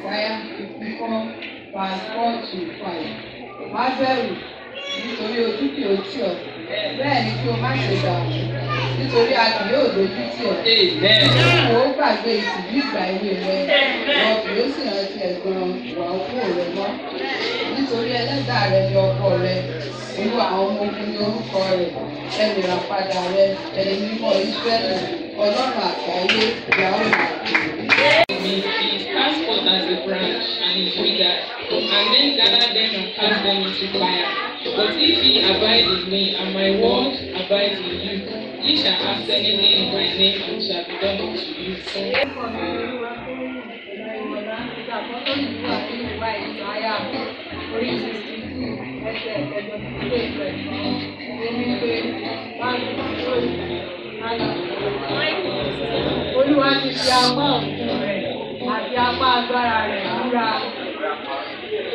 Isaiah fifty four verse four to five. Má bẹ̀rù nítorí ojú kì ó tì ọ́. Bẹ́ẹ̀ ni kí o má ṣe dààmú nítorí a kì yóò dojú tì ọ́. Kò ó gbàgbé ìtìjú ìgbà èwe rẹ̀. Wọ́n kì yóò sì rántí ẹ̀gbọ́n ìwà òkú rẹ̀ mọ́. Nítorí ẹlẹ́dàá rẹ̀ ni ọkọ rẹ̀. Olúwa àwọn ọmọ ogun ni orúkọ rẹ̀. Ẹnì ràpadà rẹ̀ ẹni mímọ́ Ísírẹ́lì ọlọ́run àgbáyé ìyàwó ìgbà as a branch and is withered, and men gather them and cast them into fire. But if ye abide in me, and my word abide in you, ye shall ask anything in my name, and shall be done unto you. Orí ti sí ẹsẹ̀ ẹ̀jọ̀ tó lè Olúwa ti fi apá àti apá agbára rẹ̀ múra.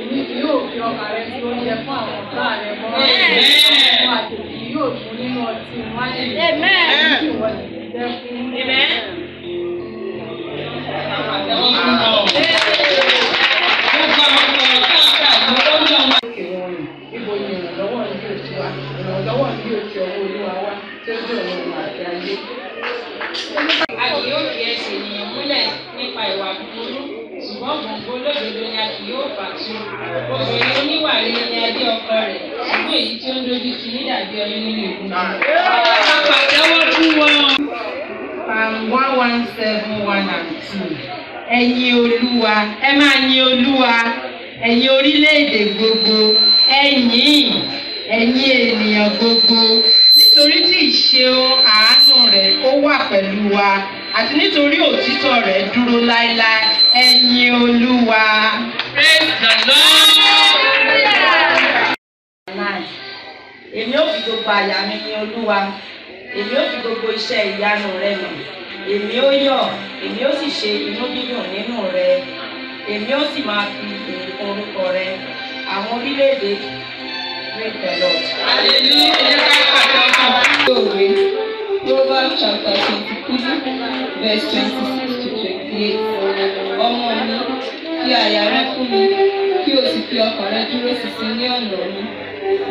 Èmi kì yóò fi ọkà rẹ sí oúnjẹ fún àwọn ọ̀tá rẹ mọ́. Àwọn àjèjì yóò fún nínú ọtí wáìnì. Èmi kì wọ́n ti jẹ́ fún. Àtẹ̀wọ́n ń bọ̀. irú èyí tí ó ń dojú ti ní dàbí ọyún nínú ìkún. àpàtẹ́wọ́ fún wọn. one one seven one and two ẹ̀yin olúwa ẹ máa yin olúwa ẹ̀yin orílẹ̀-èdè gbogbo ẹ̀yin ẹ̀yin ènìyàn gbogbo nítorí tí ìṣeun àánú rẹ̀ ó wà pẹ̀lú wa àti nítorí òtítọ́ rẹ̀ dúró láéláé ẹ̀yin olúwa. praise the lord. Yeah èmi ò fi gbogbo àyà mi ní olúwa èmi ò fi gbogbo iṣẹ́ ìyanu rẹ mọ̀ èmi ó yọ̀ èmi ó sì ṣe inú dídùn nínú rẹ èmi ó sì máa fi orúkọ rẹ àwọn orílẹ̀-èdè praise the lord. hallelujah ẹ̀yẹ́ ká pàtó ọkàn. Proverbs chapter twenty-three verse twenty-six to twenty-eight ọmọ mi fi àyà rẹ fún mi kí o sì fi ọkàn rẹ dúró ṣinṣin ní ọ̀nà mi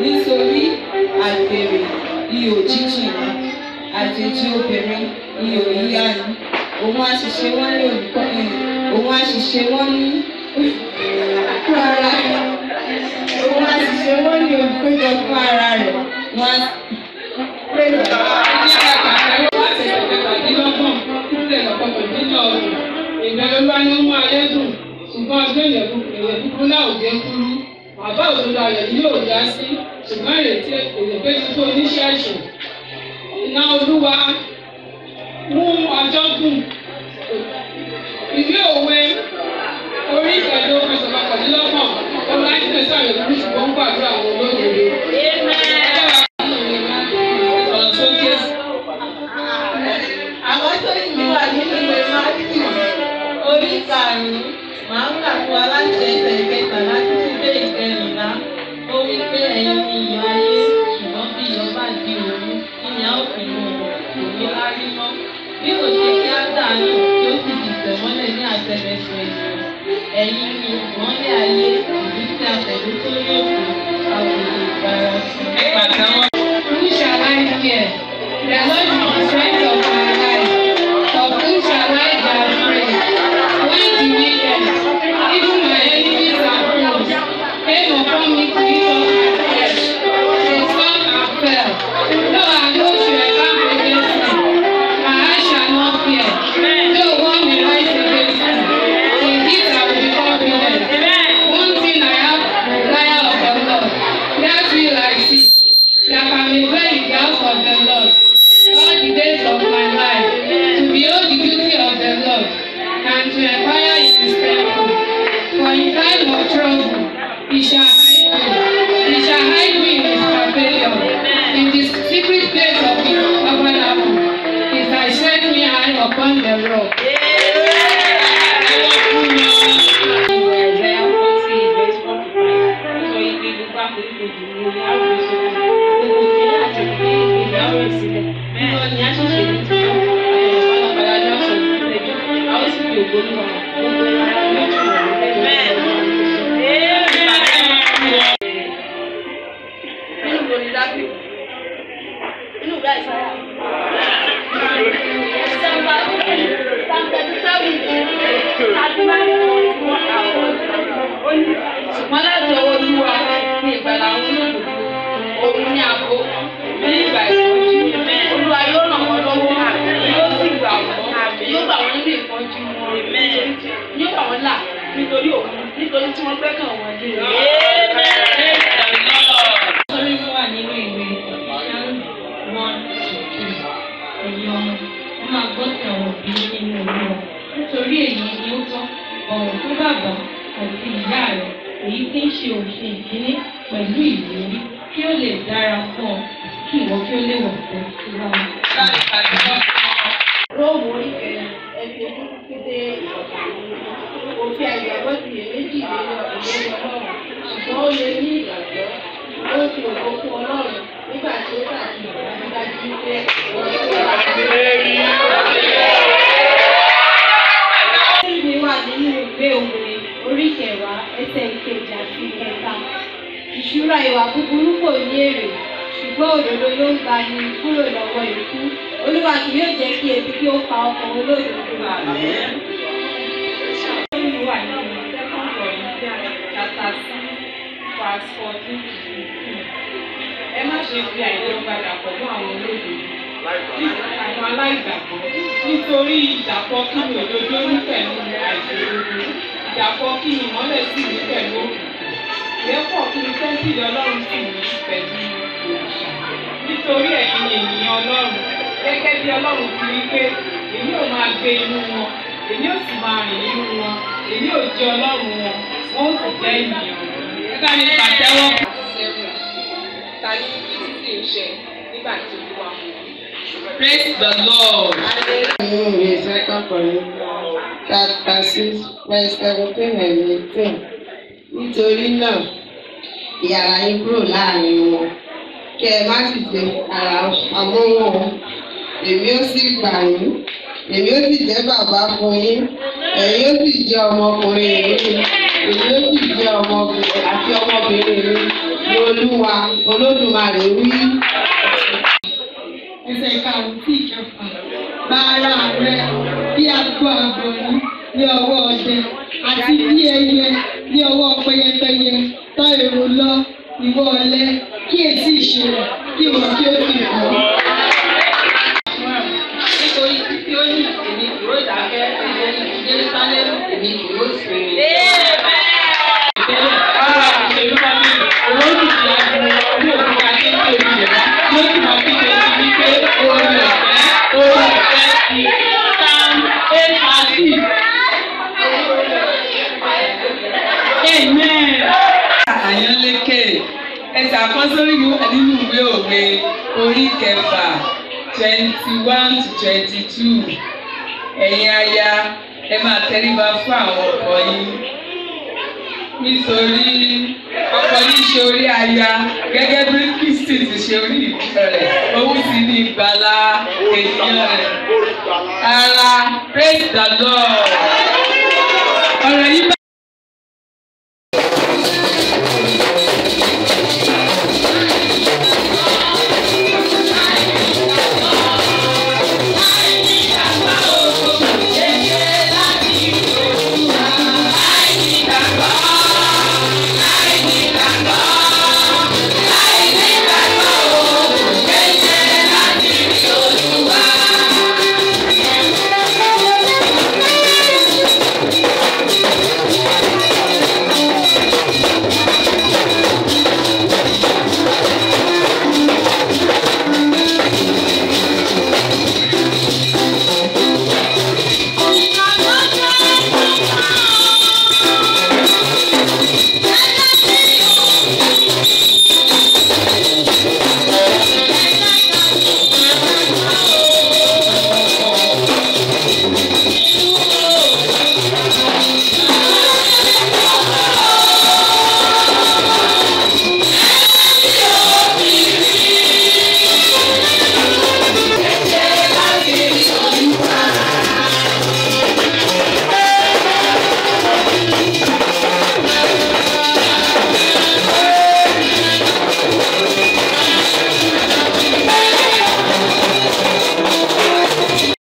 nítorí àgbèrè ihò jíjìn yín àjèjì obìnrin ihò yíyá yín òun àṣìṣe wọn ní olùkọ́ òun àṣìṣe wọn ní ara òun àṣìṣe wọn ní olùkọ́jọ fún ara rẹ̀ wọn á pè é. Ìgbàlódé wa ni ó mú ayé dùn, ṣùgbọ́n ọjọ́ ìyẹ̀kú ìyẹ̀kú náà ò jẹ́ kú àbá òdodo ayọ̀ yóò dá sí ṣùgbọ́n ìrètí èrèké ti tó oníṣẹ́ àṣẹ. Iná olúwa mú ọjọ́ gùn. Ìwé òwe orí ìtàgé ọkọ̀ ìṣọ̀kan kọ̀dínlọ́gbọ̀n ọ̀rọ̀ àìsàn sàrẹ̀ lórí ṣùgbọ́n ń gbàdúrà àwọn olóògbé. Àwọn tó yìí wà nínú ìwé máa ń tì orí ìkànnì máa ń kà fún aláṣẹ ìtẹ̀lẹ́kẹ̀ta láti. ẹ̀yin ni ìmọ́lẹ̀ ayé lò ní lábì inú ìgbà ìsọ̀rọ̀ ìjọba tàbí sáwìn àdúrà ṣùgbọ́n láti ọwọ́ olúwa ní ìgbàlà àwọn olóògùn òun ní àgbo ní ìgbà ìsọ̀rọ̀ olúwa yóò ràn wọ́n lọ́wọ́ yóò sì gbà wọ́n yóò gbà wọ́n nínú ìpọ́njú wọn yóò gbà wọ́n là nítorí òun nítorí tí wọ́n gbẹ́kàn wọn lé. mi nítorí èyí ni ó tọ́ bọ̀wọ̀ fún bàbá àti ìyá rẹ èyí tí ń ṣe òfin ìkíní pẹ̀lú ìlérí kí ó lè dára fún ọ kí ìwọ kí ó lè wà fún ìwà rẹ. róòmù oríkẹyà ẹsẹ ojú títí dé òfin àgbàgbọ́ ti méjì lórí ọ̀rẹ́ ọlọ́run ṣùgbọ́n ó lè ní ìgbàgbọ́ ó ti òkú ọlọ́run nígbà tí ó bá ti ìgbà wúrà ìwà búburú kò ní èrè ṣùgbọ́n òdodo ló ń gba ni kúrò lọ́wọ́ ikú olúwa kì yóò jẹ́ kí ebi kí ó pa ọkàn olódodo. ẹ má ṣe fi àìlọ́gbàdà pẹ̀lú àwọn olódodo àwọn aláìgbàgbọ́ nítorí ìdàpọ̀ kí ni òdodo ní pẹ̀lú àìṣòdodo ìdàpọ̀ kí ni ìmọ́lẹ̀ sì ní pẹ̀lú òkú àgbẹ̀pọ̀ kí ni tẹ́ńpìlì ọlọ́run sì ní pẹ̀lú òrìṣà nítorí ẹ̀yin ènìyàn ọlọ́run gẹ́gẹ́ bí ọlọ́run ti rí pé èmi ò máa gbé inú wọn èmi ò sì máa rìn nínú wọn èmi ò jẹ́ ọlọ́run wọn wọn ò sì jẹ́ ènìyàn ẹ bá mi pàtẹ́wọ́. ta ni títí sì ń ṣe nígbà tí olúwa mú Praise the Lord. Second Corinthians chapter six verse seventeen and eighteen nítorí náà ìyàrá yín kúrò láàrin wọn kí ẹ má sì ṣe ara pamọ́ wọn èmi ó sì gbà yín èmi ó sì jẹ́ bàbá fún yín ẹ̀yin ó sì jẹ́ ọmọkùnrin yìí èmi ó sì jẹ́ ọmọbìnrin àti ọmọbìnrin yìí ní olúwa olódùmarè wí. ẹsẹ̀ karùn-ún tí ìjọba. amen. àyànlékè ẹ ṣàkọsórí nínú ìwé òwe orí kẹfà twenty one to twenty two ẹ̀yin aya ẹ máa tẹríba fún àwọn ọkọ yín nítorí ọkọ yín ṣe orí aya gẹ́gẹ́ bí Kristi ti ṣe orí ìjọ rẹ̀ òun sì ní ìgbàlà ènìyàn rẹ̀ ara praise the Lord ọ̀rọ̀ yìí bá.